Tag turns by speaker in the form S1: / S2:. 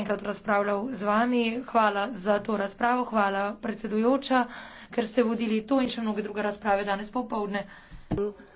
S1: enkrat razpravljal z vami. Hvala za to razpravo, hvala predsedujoča, ker ste vodili to in še mnoge druge razprave danes popovdne. Hvala.